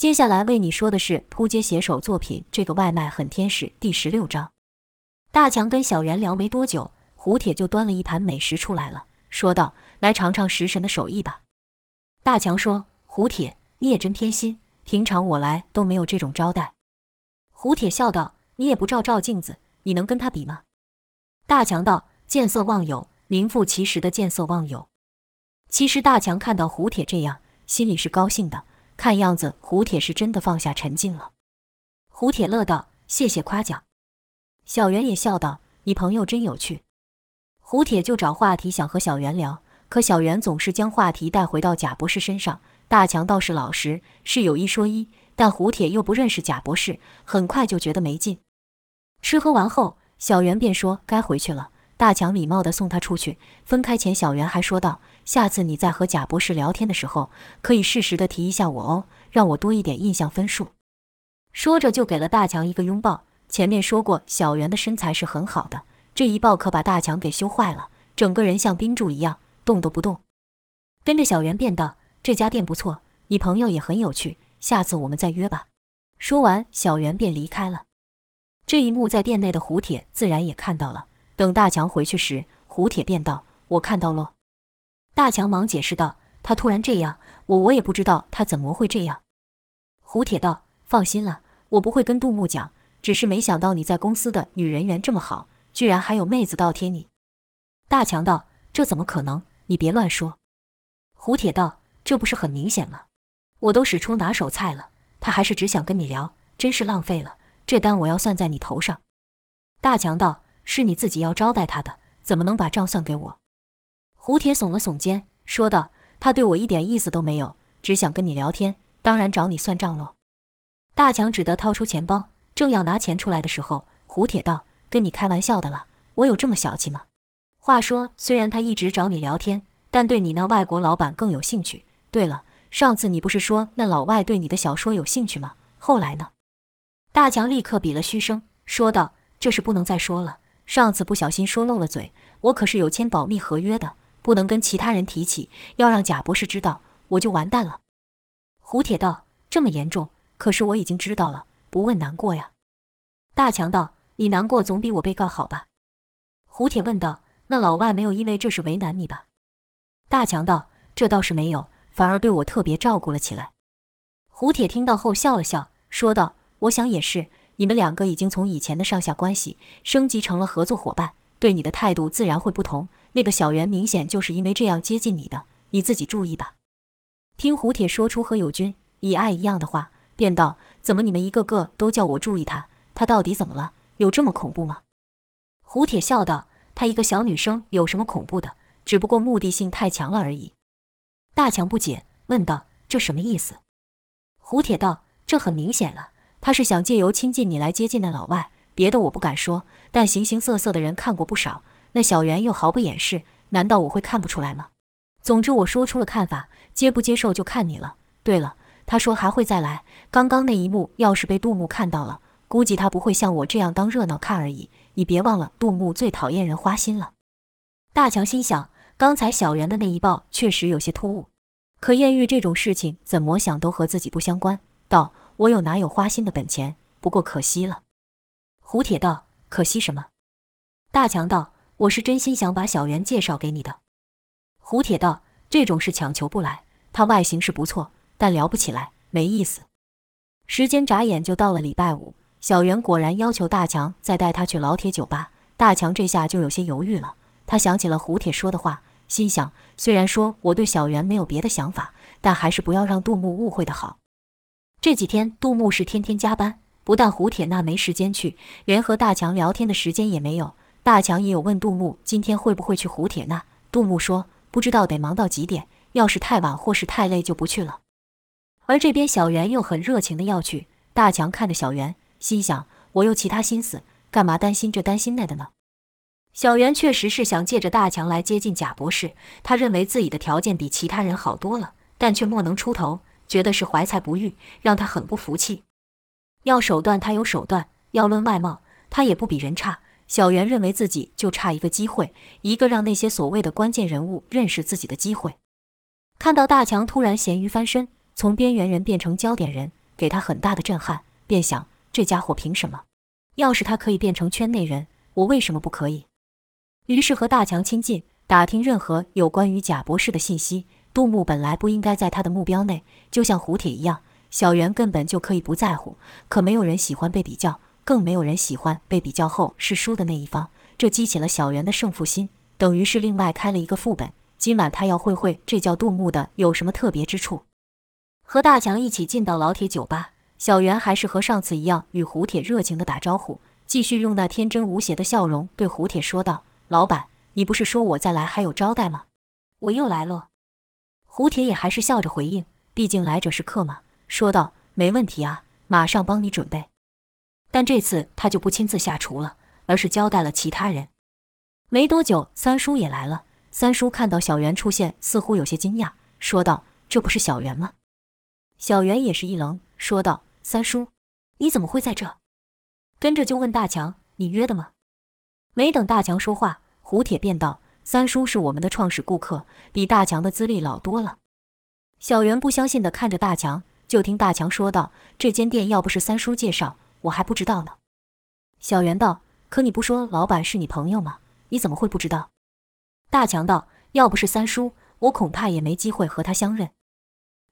接下來為你說的是撲街寫手作品《這個外賣很天使》第十六章。大強跟小袁聊沒多久，胡鐵就端了一盤美食出來了，說道：“來嘗嘗食神的手藝吧。”大強說：“胡鐵，你也真偏心，平常我來都沒有這種招待。”胡鐵笑道：“你也不照照鏡子，你能跟他比嗎？”大強道：“見色忘友，名副其實的見色忘友。”其實大強看到胡鐵這樣，心裡是高興的。看樣子，胡鐵是真的放下沉靜了。胡鐵樂道：“謝謝誇獎。”小袁也笑道：“你朋友真有趣。”胡鐵就找話題想和小袁聊，可小袁總是將話題帶回到賈博士身上。大強倒是老實，是有一說一，但胡鐵又不認識賈博士，很快就覺得沒勁。吃喝完後，小袁便說：“該回去了。”大強禮貌地送他出去。分開前，小袁還說道。下次你再和賈博士聊天的時候，可以適時地提一下我哦，讓我多一點印象分數。說着就給了大強一個擁抱。前面說過，小袁的身材是很好的，這一抱可把大強給羞壞了，整個人像冰柱一樣，動都不動。跟着小袁便道：“這家店不錯，你朋友也很有趣，下次我們再約吧。”說完，小袁便離開了。這一幕在店內的胡鐵自然也看到了。等大強回去時，胡鐵便道：“我看到了。”大強忙解釋道：“他突然這樣，我我也不知道他怎麼會這樣。”胡鐵道：“放心了，我不會跟杜牧講。只是沒想到你在公司的女人緣這麼好，居然還有妹子倒貼你。”大強道：“這怎麼可能？你別亂說。”胡鐵道：“這不是很明顯嗎？我都使出拿手菜了，他還是只想跟你聊，真是浪費了。這單我要算在你頭上。”大強道：“是你自己要招待他的，怎麼能把賬算給我？”胡鐵聳了聳肩，說道：“他對我一點意思都沒有，只想跟你聊天，當然找你算賬嘍。”大強只得掏出錢包，正要拿錢出來的時候，胡鐵道：“跟你開玩笑的了，我有這麼小氣嗎？”話說，雖然他一直找你聊天，但對你那外國老板更有興趣。對了，上次你不是說那老外對你的小說有興趣嗎？後來呢？大強立刻比了噓聲，說道：“這事不能再說了，上次不小心說漏了嘴，我可是有簽保密合約的。”不能跟其他人提起，要讓賈博士知道，我就完蛋了。胡鐵道：“這麼嚴重？可是我已經知道了，不問難過呀。”大強道：“你難過總比我被告好吧？”胡鐵問道：“那老外沒有因為這事為難你吧？”大強道：“這倒是沒有，反而對我特別照顧了起來。”胡鐵聽到後笑了笑，說道：“我想也是，你們兩個已經從以前的上下關係升級成了合作夥伴，對你的態度自然會不同。”那個小圓明顯就是因為這樣接近你的，你自己注意吧。聽胡鐵說出和友軍以愛一樣的話，便道：“怎麼你們一個個都叫我注意他？他到底怎麼了？有這麼恐怖嗎？”胡鐵笑道：“他一個小女生有什麼恐怖的？只不過目的性太強了而已。”大強不解，問道：“這什麼意思？”胡鐵道：“這很明顯了，他是想借由親近你來接近那老外。別的我不敢說，但形形色色的人看過不少。”那小袁又毫不掩飾，難道我會看不出來嗎？總之我說出了看法，接不接受就看你了。對了，他說還會再來。剛剛那一幕要是被杜牧看到了，估計他不會像我這樣當熱鬧看而已。你別忘了，杜牧最討厭人花心了。大強心想，剛才小袁的那一抱確實有些突兀，可豔遇這種事情怎麼想都和自己不相關。道，我有哪有花心的本錢？不過可惜了。胡鐵道，可惜什麼？大強道。我是真心想把小袁介紹給你的，胡鐵道這種事強求不來。他外形是不錯，但聊不起來，沒意思。時間眨眼就到了禮拜五，小袁果然要求大強再帶他去老鐵酒吧。大強這下就有些猶豫了，他想起了胡鐵說的話，心想：雖然說我對小袁沒有別的想法，但還是不要讓杜牧誤會的好。這幾天杜牧是天天加班，不但胡鐵那沒時間去，連和大強聊天的時間也沒有。大強也有問杜牧今天會不會去胡鐵那。杜牧說不知道得忙到幾點，要是太晚或是太累就不去了。而這邊小袁又很熱情的要去。大強看着小袁，心想我有其他心思，幹嘛擔心這擔心那的呢？小袁確實是想借着大強來接近賈博士，他認為自己的條件比其他人好多了，但卻莫能出頭，覺得是懷才不遇，讓他很不服氣。要手段他有手段，要論外貌他也不比人差。小袁認為自己就差一個機會，一個讓那些所謂的關鍵人物認識自己的機會。看到大強突然鹹魚翻身，從邊緣人變成焦點人，給他很大的震撼，便想：這家伙憑什麼？要是他可以變成圈內人，我為什麼不可以？於是和大強親近，打聽任何有關於賈博士的信息。杜牧本來不應該在他的目標內，就像胡鐵一樣，小袁根本就可以不在乎。可沒有人喜歡被比較。更沒有人喜歡被比較後是輸的那一方，這激起了小袁的勝負心，等於是另外開了一個副本。今晚他要會會這叫杜牧的有什麼特別之處。和大強一起進到老鐵酒吧，小袁還是和上次一樣，與胡鐵熱情地打招呼，繼續用那天真無邪的笑容對胡鐵說道：“老闆，你不是說我再來還有招待嗎？我又來了。”胡鐵也還是笑着回應，畢竟來者是客嘛，說道：“沒問題啊，馬上幫你準備。”但這次他就不親自下廚了，而是交代了其他人。沒多久，三叔也來了。三叔看到小袁出現，似乎有些驚訝，說道：“這不是小袁嗎？”小袁也是一愣，說道：“三叔，你怎麼會在這？”跟着就問大強：“你約的嗎？”沒等大強說話，胡鐵便道：“三叔是我們的創始顧客，比大強的資歷老多了。”小袁不相信地看着大強，就聽大強說道：“這間店要不是三叔介紹。”我還不知道呢，小袁道。可你不說，老闆是你朋友嗎？你怎麼會不知道？大強道。要不是三叔，我恐怕也沒機會和他相認。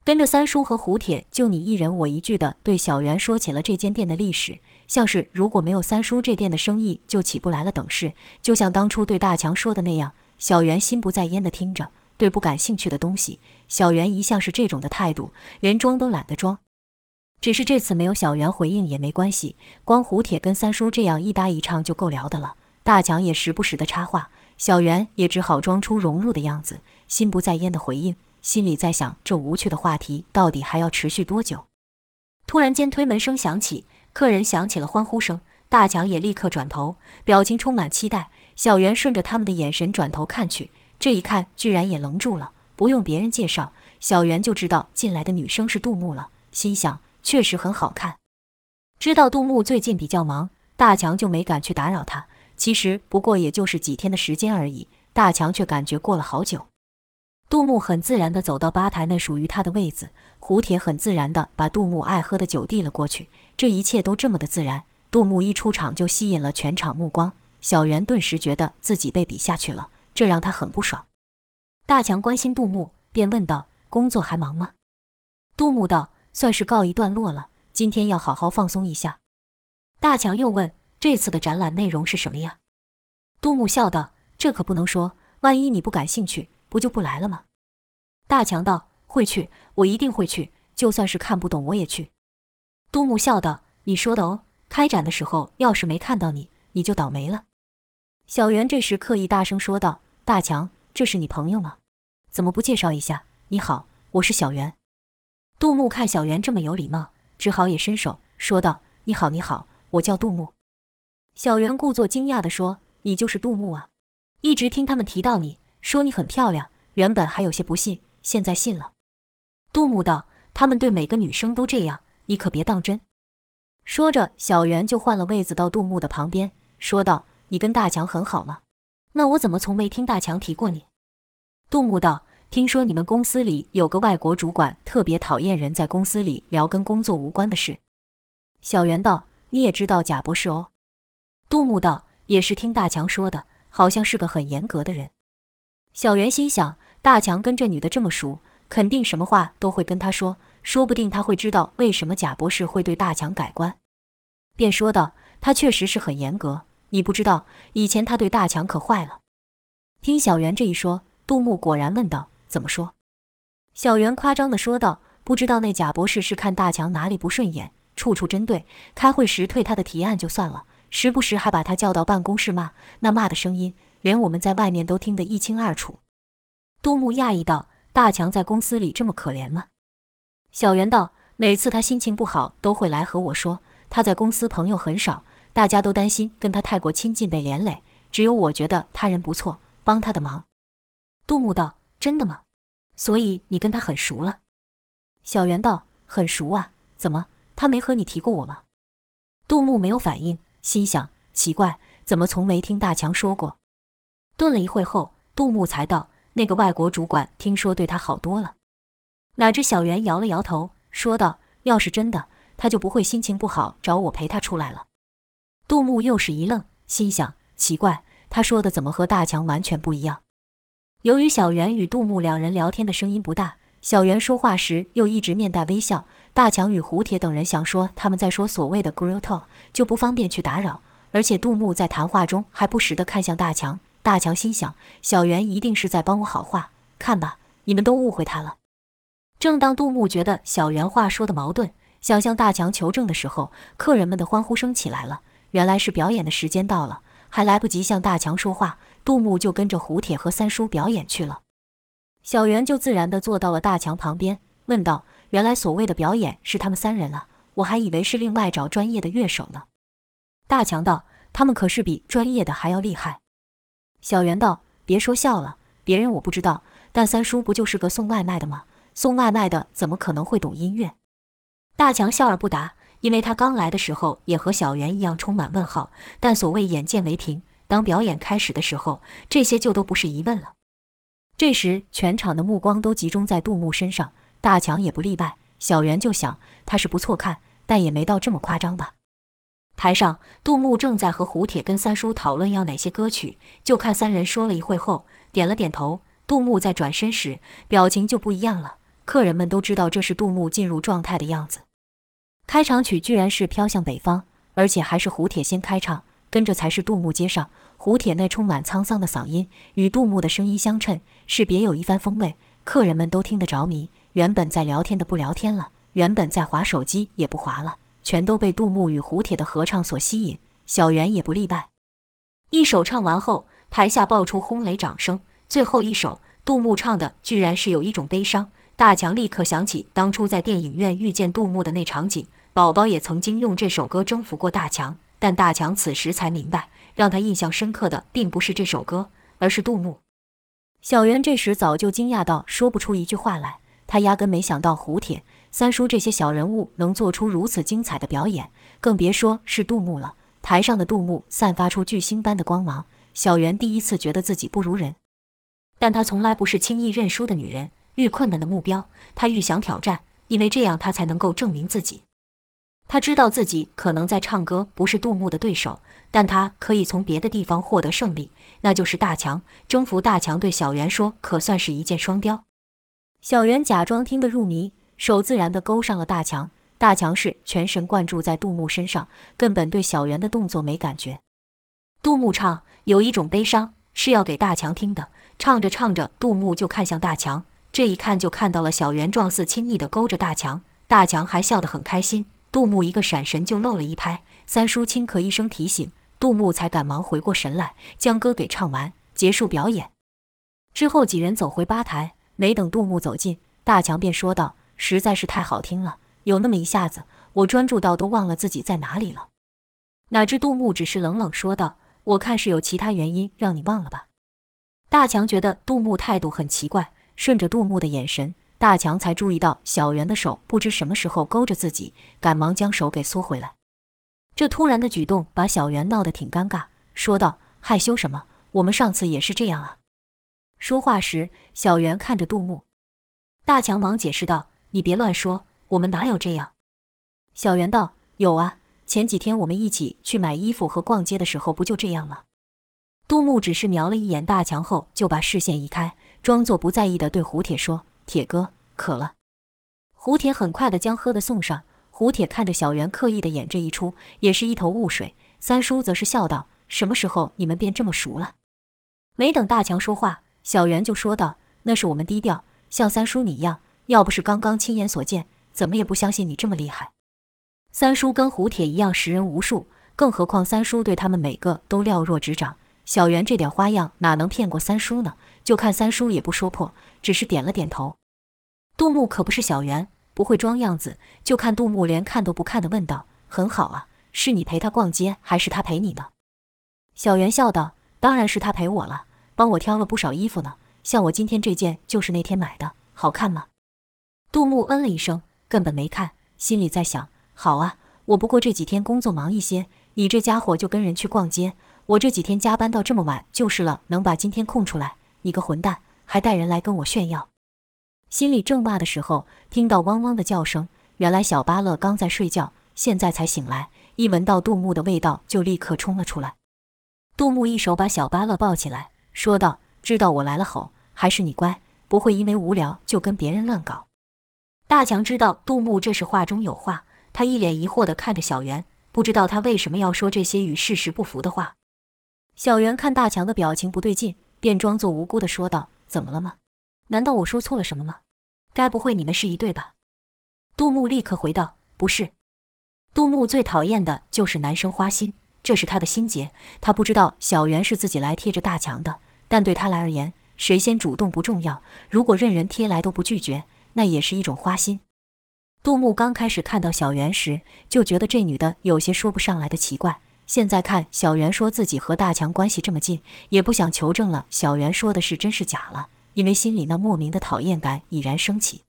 跟着三叔和胡鐵，就你一人我一句地對小袁說起了這間店的歷史，像是如果沒有三叔，這店的生意就起不來了等事。就像當初對大強說的那樣，小袁心不在焉地聽着，對不感興趣的東西，小袁一向是這種的態度，連裝都懶得裝。只是這次沒有小袁回應也沒關係，光胡鐵跟三叔這樣一搭一唱就夠聊的了。大強也時不時的插話，小袁也只好裝出融入的樣子，心不在焉的回應，心裡在想這無趣的話題到底還要持續多久？突然間推門聲響起，客人響起了歡呼聲，大強也立刻轉頭，表情充滿期待。小袁順着他們的眼神轉頭看去，這一看居然也愣住了。不用別人介紹，小袁就知道進來的女生是杜牧了，心想。確實很好看。知道杜牧最近比較忙，大強就沒敢去打擾他。其實不過也就是幾天的時間而已，大強卻感覺過了好久。杜牧很自然的走到吧台那屬於他的位子，胡鐵很自然的把杜牧愛喝的酒遞了過去。這一切都這麼的自然。杜牧一出場就吸引了全場目光，小袁頓時覺得自己被比下去了，這讓他很不爽。大強關心杜牧，便問道：“工作還忙嗎？”杜牧道：算是告一段落了。今天要好好放鬆一下。大強又問：“這次的展覽內容是什麼呀？”杜牧笑道：“這可不能說，萬一你不感興趣，不就不來了嗎？”大強道：“會去，我一定會去。就算是看不懂，我也去。”杜牧笑道：“你說的哦。開展的時候要是沒看到你，你就倒霉了。”小袁這時刻意大聲說道：“大強，這是你朋友嗎？怎麼不介紹一下？你好，我是小袁。”杜牧看小袁這麼有禮貌，只好也伸手說道：“你好，你好，我叫杜牧。”小袁故作驚訝地說：“你就是杜牧啊！一直聽他們提到你，說你很漂亮，原本還有些不信，現在信了。”杜牧道：“他們對每個女生都這樣，你可別當真。”說着，小袁就換了位子到杜牧的旁邊，說道：“你跟大強很好嗎？那我怎麼從沒聽大強提過你？”杜牧道：聽說你們公司裡有個外國主管特別討厭人在公司裡聊跟工作無關的事。”小袁道：“你也知道賈博士哦。”杜牧道：“也是聽大強說的，好像是個很嚴格的人。”小袁心想，大強跟這女的這麼熟，肯定什麼話都會跟他說，說不定他會知道為什麼賈博士會對大強改觀，便說道：“他確實是很嚴格，你不知道，以前他對大強可壞了。”聽小袁這一說，杜牧果然問道。怎麼說？小袁誇張地說道：“不知道那賈博士是看大強哪裡不順眼，處處針對。開會時退他的提案就算了，時不時還把他叫到辦公室罵。那罵的聲音，連我們在外面都聽得一清二楚。”杜牧訝異道：“大強在公司裡這麼可憐嗎？”小袁道：“每次他心情不好，都會來和我說。他在公司朋友很少，大家都擔心跟他太過親近被連累。只有我覺得他人不錯，幫他的忙。”杜牧道。真的嗎？所以你跟他很熟了？小袁道：“很熟啊，怎麼他沒和你提過我嗎？”杜牧沒有反應，心想：奇怪，怎麼從沒聽大強說過？頓了一會後，杜牧才道：“那個外國主管聽說對他好多了。”哪知小袁搖了搖頭，說道：“要是真的，他就不會心情不好找我陪他出來了。”杜牧又是一愣，心想：奇怪，他說的怎麼和大強完全不一樣？由於小圓與杜牧兩人聊天的聲音不大，小圓說話時又一直面帶微笑，大強與胡鐵等人想說他們在說所謂的 “girl talk”，就不方便去打擾。而且杜牧在談話中還不時地看向大強，大強心想：小圓一定是在幫我好話，看吧，你們都誤會他了。正當杜牧覺得小圓話說的矛盾，想向大強求證的時候，客人們的歡呼聲起來了，原來是表演的時間到了，還來不及向大強說話。杜牧就跟着胡鐵和三叔表演去了，小袁就自然地坐到了大強旁邊，問道：“原來所謂的表演是他們三人了，我還以為是另外找專業的樂手呢。”大強道：“他們可是比專業的還要厲害。”小袁道：“別說笑了，別人我不知道，但三叔不就是個送外賣的嗎？送外賣的怎麼可能會懂音樂？”大強笑而不答，因為他剛來的時候也和小袁一樣充滿問號，但所謂眼見為憑。當表演開始的時候，這些就都不是疑問了。這時，全場的目光都集中在杜牧身上，大強也不例外。小袁就想，他是不錯看，但也沒到這麼誇張吧。台上，杜牧正在和胡鐵跟三叔討論要哪些歌曲，就看三人說了一會後，點了點頭。杜牧在轉身時，表情就不一樣了。客人們都知道這是杜牧進入狀態的樣子。開場曲居然是《飄向北方》，而且還是胡鐵先開場。跟着才是杜牧接上胡鐵那充滿滄桑的嗓音，與杜牧的聲音相稱，是別有一番風味。客人們都聽得着迷，原本在聊天的不聊天了，原本在划手機也不划了，全都被杜牧與胡鐵的合唱所吸引。小袁也不例外。一首唱完後，台下爆出轟雷掌聲。最後一首杜牧唱的，居然是有一種悲傷。大強立刻想起當初在電影院遇見杜牧的那場景，寶寶也曾經用這首歌征服過大強。但大強此時才明白，讓他印象深刻的並不是這首歌，而是杜牧。小袁這時早就驚訝到說不出一句話來，他壓根沒想到胡鐵三叔這些小人物能做出如此精彩的表演，更別說是杜牧了。台上的杜牧散發出巨星般的光芒，小袁第一次覺得自己不如人，但他從來不是輕易認輸的女人。越困難的目標，他越想挑戰，因為這樣他才能夠證明自己。他知道自己可能在唱歌不是杜牧的對手，但他可以從別的地方獲得勝利，那就是大強。征服大強對小袁說，可算是一箭雙雕。小袁假裝聽得入迷，手自然地勾上了大強。大強是全神貫注在杜牧身上，根本對小袁的動作沒感覺。杜牧唱有一種悲傷，是要給大強聽的。唱着唱着，杜牧就看向大強，這一看就看到了小袁狀似親昵地勾着大強，大強還笑得很開心。杜牧一個閃神就漏了一拍，三叔輕咳一聲提醒，杜牧才趕忙回過神來，將歌給唱完，結束表演之後，幾人走回吧檯，沒等杜牧走近，大強便說道：“實在是太好聽了，有那麼一下子，我專注到都忘了自己在哪裡了。”哪知杜牧只是冷冷說道：“我看是有其他原因讓你忘了吧。”大強覺得杜牧態度很奇怪，順着杜牧的眼神。大強才注意到小圓的手不知什麼時候勾着自己，趕忙將手給縮回來。這突然的舉動把小圓鬧得挺尷尬，說道：“害羞什麼？我們上次也是這樣啊。”說話時，小圓看着杜牧，大強忙解釋道：“你別亂說，我們哪有這樣。”小圓道：“有啊，前幾天我們一起去買衣服和逛街的時候不就這樣嗎？”杜牧只是瞄了一眼大強後就把視線移開，裝作不在意地對胡鐵說：鐵哥渴了，胡鐵很快的將喝的送上。胡鐵看着小袁刻意的演這一出，也是一頭霧水。三叔則是笑道：“什麼時候你們變這麼熟了？”沒等大強說話，小袁就說道：“那是我們低調，像三叔你一樣，要不是剛剛親眼所見，怎麼也不相信你這麼厲害。”三叔跟胡鐵一樣識人無數，更何況三叔對他們每個都了若指掌。小袁這點花樣哪能騙過三叔呢？就看三叔也不說破，只是點了點頭。杜牧可不是小圓，不會裝樣子。就看杜牧連看都不看的問道：“很好啊，是你陪他逛街，還是他陪你呢？”小圓笑道：“當然是他陪我了，幫我挑了不少衣服呢，像我今天這件就是那天買的，好看嗎？”杜牧嗯了一聲，根本沒看，心裡在想：“好啊，我不過這幾天工作忙一些，你這家伙就跟人去逛街，我這幾天加班到這麼晚就是了，能把今天空出來？你個混蛋，還帶人來跟我炫耀！”心裡正罵的時候，聽到汪汪的叫聲。原來小巴樂剛在睡覺，現在才醒來，一聞到杜牧的味道就立刻衝了出來。杜牧一手把小巴樂抱起來，說道：“知道我來了吼，還是你乖，不會因為無聊就跟別人亂搞。”大強知道杜牧這是話中有話，他一臉疑惑地看着小袁，不知道他為什麼要說這些與事實不符的話。小袁看大強的表情不對勁，便裝作無辜地說道：“怎麼了嗎？”難道我說錯了什麼嗎？該不會你們是一對吧？杜牧立刻回道：“不是。”杜牧最討厭的就是男生花心，這是他的心結。他不知道小袁是自己來貼着大強的，但對他來而言，誰先主動不重要。如果任人貼來都不拒絕，那也是一種花心。杜牧剛開始看到小袁時，就覺得這女的有些說不上來的奇怪。現在看小袁說自己和大強關係這麼近，也不想求證了小袁說的是真是假了。因為心裡那莫名的討厭感已然升起，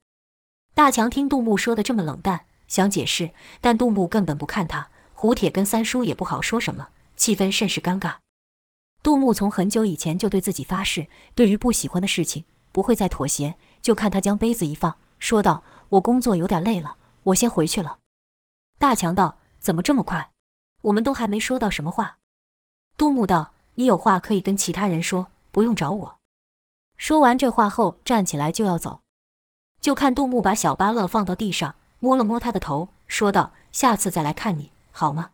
大強聽杜牧說的這麼冷淡，想解釋，但杜牧根本不看他。胡鐵跟三叔也不好說什麼，氣氛甚是尷尬。杜牧從很久以前就對自己發誓，對於不喜歡的事情不會再妥協。就看他將杯子一放，說道：“我工作有點累了，我先回去了。”大強道：“怎麼這麼快？我們都還沒說到什麼話。”杜牧道：“你有話可以跟其他人說，不用找我。”說完這話後，站起來就要走，就看杜牧把小巴樂放到地上，摸了摸他的頭，說道：“下次再來看你，好嗎？”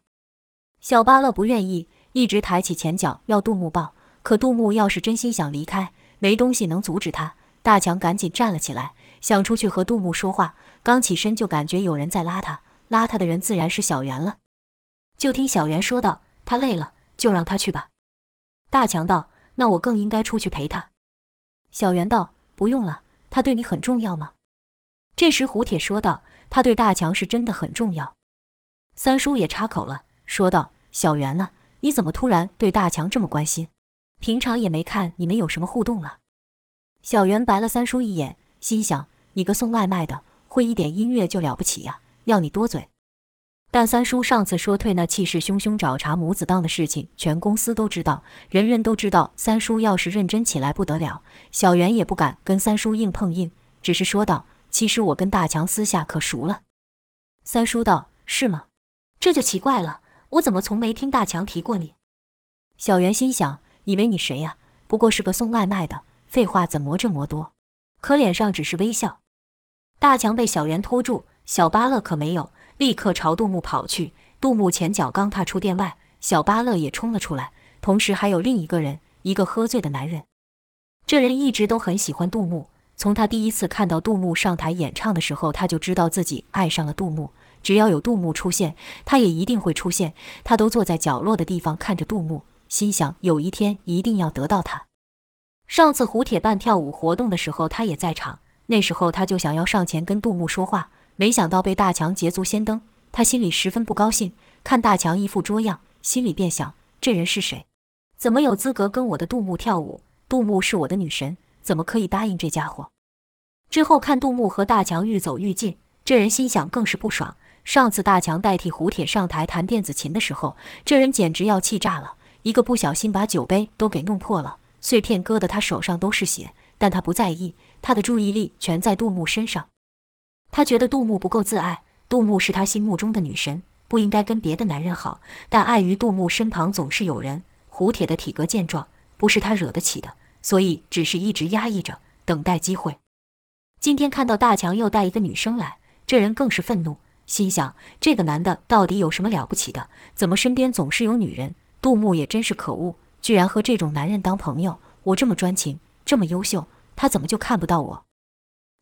小巴樂不願意，一直抬起前腳要杜牧抱，可杜牧要是真心想離開，沒東西能阻止他。大強趕緊站了起來，想出去和杜牧說話，剛起身就感覺有人在拉他，拉他的人自然是小圓了。就聽小圓說道：“他累了，就讓他去吧。”大強道：“那我更應該出去陪他。”小袁道：“不用了，他對你很重要嗎？”這時胡鐵說道：“他對大強是真的很重要。”三叔也插口了，說道：“小袁呢？你怎麼突然對大強這麼關心？平常也沒看你們有什麼互動了。”小袁白了三叔一眼，心想：“你個送外賣的，會一點音樂就了不起呀，要你多嘴。”但三叔上次說退那氣勢洶洶找茬母子檔的事情，全公司都知道，人人都知道。三叔要是認真起來不得了，小袁也不敢跟三叔硬碰硬，只是說道：“其實我跟大強私下可熟了。”三叔道：“是嗎？這就奇怪了，我怎麼從沒聽大強提過你？”小袁心想：“以為你誰呀？不過是個送外賣的，廢話怎麼這麼多？”可臉上只是微笑。大強被小袁拖住，小巴樂可沒有。立刻朝杜牧跑去。杜牧前腳剛踏出店外，小巴樂也衝了出來，同時還有另一個人，一個喝醉的男人。這人一直都很喜歡杜牧，從他第一次看到杜牧上台演唱的時候，他就知道自己愛上了杜牧。只要有杜牧出現，他也一定會出現。他都坐在角落的地方看着杜牧，心想有一天一定要得到他。上次胡鐵辦跳舞活動的時候，他也在場，那時候他就想要上前跟杜牧說話。沒想到被大強捷足先登，他心裡十分不高興。看大強一副拽樣，心裡便想：這人是誰？怎麼有資格跟我的杜牧跳舞？杜牧是我的女神，怎麼可以答應這家伙？之後看杜牧和大強愈走愈近，這人心想更是不爽。上次大強代替胡鐵上台彈電子琴的時候，這人簡直要氣炸了，一個不小心把酒杯都給弄破了，碎片割得他手上都是血，但他不在意，他的注意力全在杜牧身上。他覺得杜牧不夠自愛，杜牧是他心目中的女神，不應該跟別的男人好。但礙於杜牧身旁總是有人，胡鐵的體格健壯，不是他惹得起的，所以只是一直壓抑着，等待機會。今天看到大強又帶一個女生來，這人更是憤怒，心想，這個男的到底有什麼了不起的？怎麼身邊總是有女人？杜牧也真是可惡，居然和這種男人當朋友。我這麼專情，這麼優秀，他怎麼就看不到我？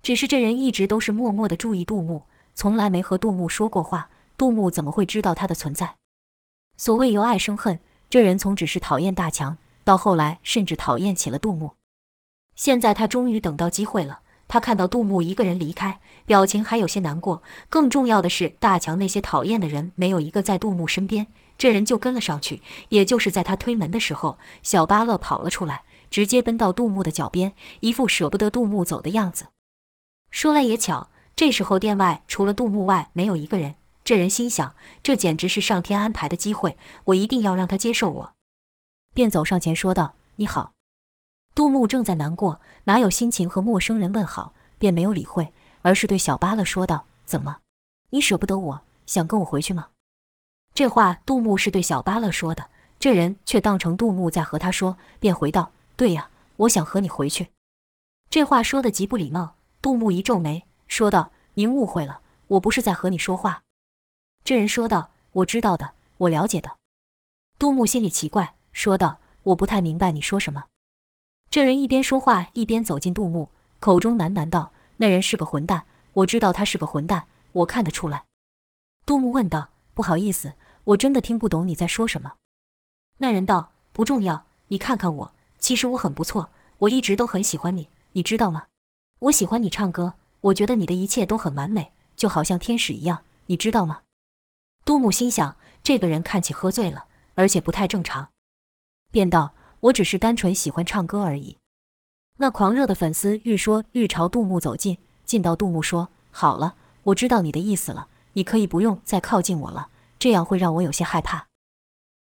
只是這人一直都是默默地注意杜牧，從來沒和杜牧說過話。杜牧怎麼會知道他的存在？所謂由愛生恨，這人從只是討厭大強，到後來甚至討厭起了杜牧。現在他終於等到機會了，他看到杜牧一個人離開，表情還有些難過。更重要的是，大強那些討厭的人沒有一個在杜牧身邊，這人就跟了上去。也就是在他推門的時候，小巴樂跑了出來，直接奔到杜牧的腳邊，一副捨不得杜牧走的樣子。說來也巧，這時候店外除了杜牧外沒有一個人。這人心想，這簡直是上天安排的機會，我一定要讓他接受我。便走上前說道：“你好。”杜牧正在難過，哪有心情和陌生人問好，便沒有理會，而是對小巴勒說道：“怎麼，你舍不得我，想跟我回去嗎？”這話杜牧是對小巴勒說的，這人卻當成杜牧在和他說，便回道：“對呀，我想和你回去。”這話說得極不禮貌。杜牧一皺眉，說道：“您誤會了，我不是在和你說話。”這人說道：“我知道的，我了解的。”杜牧心裡奇怪，說道：“我不太明白你說什麼。”這人一邊說話一邊走近杜牧，口中喃喃道：“那人是個混蛋，我知道他是個混蛋，我看得出來。”杜牧問道：“不好意思，我真的聽不懂你在說什麼。”那人道：“不重要，你看看我，其實我很不錯，我一直都很喜歡你，你知道嗎？”我喜歡你唱歌，我覺得你的一切都很完美，就好像天使一樣，你知道嗎？杜牧心想，這個人看起喝醉了，而且不太正常，便道：“我只是單純喜歡唱歌而已。”那狂熱的粉絲愈說愈朝杜牧走近，近到杜牧說：“好了，我知道你的意思了，你可以不用再靠近我了，這樣會讓我有些害怕。”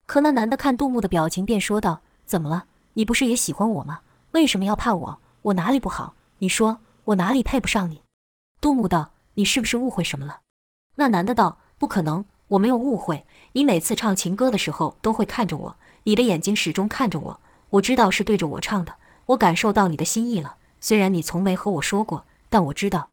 可那男的看杜牧的表情，便說道：“怎麼了？你不是也喜歡我嗎？為什麼要怕我？我哪裡不好？你說。”我哪裡配不上你？杜牧道：“你是不是誤會什麼了？”那男的道：“不可能，我沒有誤會。你每次唱情歌的時候都會看着我，你的眼睛始終看着我，我知道是對着我唱的。我感受到你的心意了，雖然你從沒和我說過，但我知道。”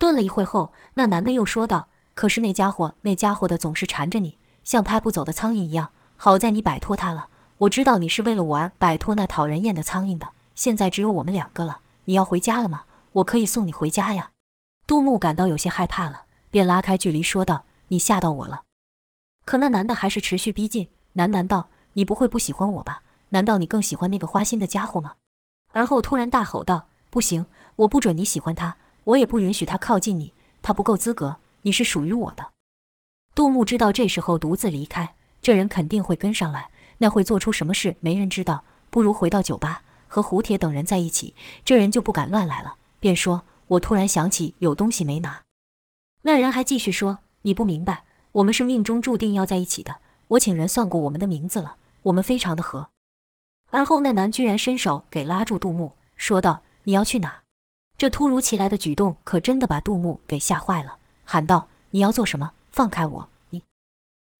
頓了一會後，那男的又說道：“可是那傢伙，那傢伙的總是纏着你，像拍不走的蒼蠅一樣。好在你擺脫他了，我知道你是為了我而擺脫那討人厭的蒼蠅的。現在只有我們兩個了，你要回家了嗎？”我可以送你回家呀，杜牧感到有些害怕了，便拉開距離說道：“你嚇到我了。”可那男的還是持續逼近，喃喃道：“你不會不喜歡我吧？難道你更喜歡那個花心的家伙嗎？”而後突然大吼道：“不行，我不准你喜歡他，我也不允許他靠近你，他不夠資格，你是屬於我的。”杜牧知道這時候獨自離開，這人肯定會跟上來，那會做出什麼事沒人知道，不如回到酒吧和胡鐵等人在一起，這人就不敢亂來了。便說：“我突然想起有東西沒拿。”那人還繼續說：“你不明白，我們是命中注定要在一起的。我請人算過我們的名字了，我們非常的合。”然後那男居然伸手給拉住杜牧，說道：“你要去哪？”這突如其來的舉動可真的把杜牧給嚇壞了，喊道：“你要做什麼？放開我！你……”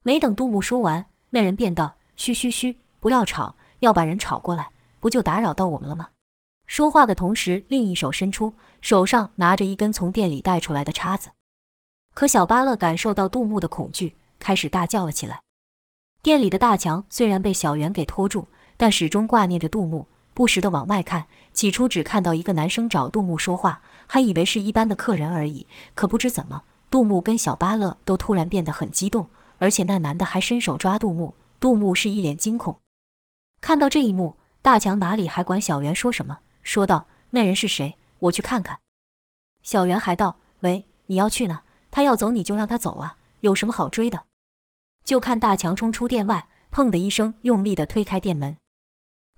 沒等杜牧說完，那人便道：“噓噓噓，不要吵，要把人吵過來，不就打擾到我們了嗎？”說話的同時，另一手伸出，手上拿着一根從店裡帶出來的叉子。可小巴樂感受到杜牧的恐懼，開始大叫了起來。店裡的大強雖然被小袁給拖住，但始終掛念着杜牧，不時地往外看。起初只看到一個男生找杜牧說話，還以為是一般的客人而已。可不知怎麼，杜牧跟小巴樂都突然變得很激動，而且那男的還伸手抓杜牧，杜牧是一臉驚恐。看到這一幕，大強哪裡還管小袁說什麼？說道：“那人是誰？我去看看。”小袁還道：“喂，你要去哪？他要走你就讓他走啊，有什麼好追的？”就看大強衝出店外，砰的一聲，用力的推開店門。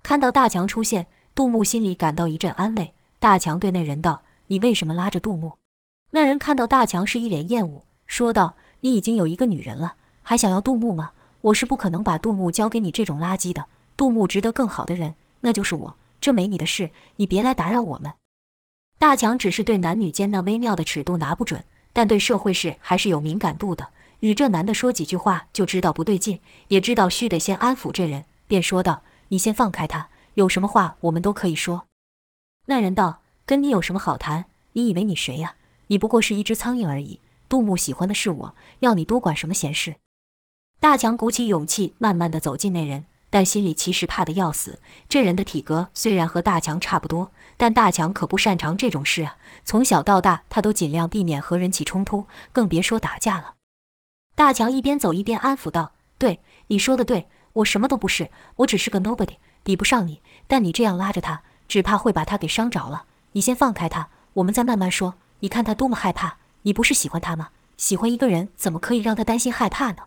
看到大強出現，杜牧心裡感到一陣安慰。大強對那人道：“你為什麼拉着杜牧？”那人看到大強是一臉厭惡，說道：“你已經有一個女人了，還想要杜牧嗎？我是不可能把杜牧交給你這種垃圾的。杜牧值得更好的人，那就是我。”這沒你的事，你別來打擾我們。大強只是對男女間那微妙的尺度拿不準，但對社會事還是有敏感度的。與這男的說幾句話，就知道不對勁，也知道須得先安撫這人，便說道：“你先放開他，有什麼話我們都可以說。”那人道：“跟你有什麼好談？你以為你誰呀？你不過是一隻蒼蠅而已。杜牧喜歡的是我，要你多管什麼閒事？”大強鼓起勇氣，慢慢的走近那人。但心裡其實怕得要死。這人的體格雖然和大強差不多，但大強可不擅長這種事啊。從小到大，他都儘量避免和人起衝突，更別說打架了。大強一邊走一邊安撫道：“對，你說的對，我什麼都不是，我只是個 nobody，比不上你。但你這樣拉着他，只怕會把他給傷着了。你先放開他，我們再慢慢說。你看他多麼害怕！你不是喜歡他嗎？喜歡一個人，怎麼可以讓他擔心害怕呢？”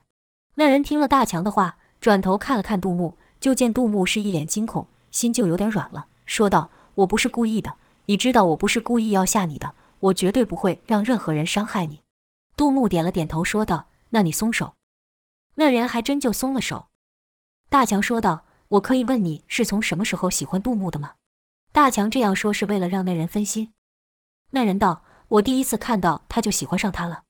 那人聽了大強的話。轉頭看了看杜牧，就見杜牧是一臉驚恐，心就有點軟了，說道：“我不是故意的，你知道我不是故意要嚇你的，我絕對不會讓任何人傷害你。”杜牧點了點頭，說道：“那你鬆手。”那人還真就鬆了手。大強說道：“我可以問你是從什麼時候喜歡杜牧的嗎？”大強這樣說是為了讓那人分心。那人道：“我第一次看到他就喜歡上他了。”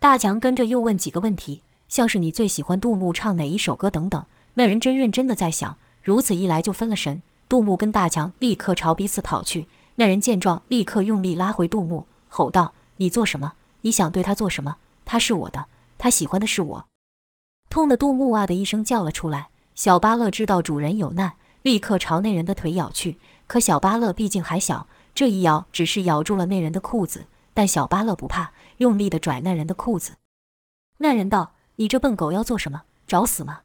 大強跟着又問幾個問題。像是你最喜歡杜牧唱哪一首歌等等。那人真認真的在想，如此一來就分了神。杜牧跟大強立刻朝彼此跑去。那人見狀，立刻用力拉回杜牧，吼道：“你做什麼？你想對他做什麼？他是我的，他喜歡的是我。”痛得杜牧啊的一聲叫了出來。小巴勒知道主人有難，立刻朝那人的腿咬去。可小巴勒畢竟還小，這一咬只是咬住了那人的褲子。但小巴勒不怕，用力的拽那人的褲子。那人道。你這笨狗要做什麼？找死嗎？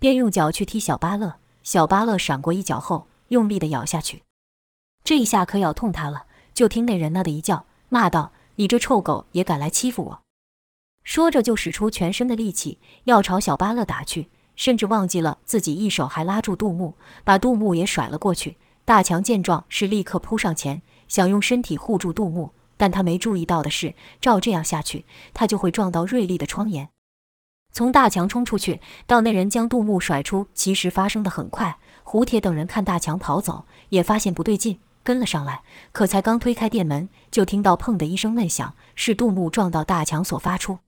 便用腳去踢小巴樂，小巴樂閃過一腳後，用力地咬下去，這一下可咬痛他了。就聽那人那的一叫，罵道：“你這臭狗也敢來欺負我！”說着就使出全身的力氣要朝小巴樂打去，甚至忘記了自己一手還拉住杜牧，把杜牧也甩了過去。大強見狀是立刻撲上前，想用身體護住杜牧，但他沒注意到的是，照這樣下去，他就會撞到銳利的窗沿。從大強衝出去，到那人將杜牧甩出，其實發生得很快。胡鐵等人看大強跑走，也發現不對勁，跟了上來。可才剛推開店門，就聽到砰的一聲悶響，是杜牧撞到大強所發出。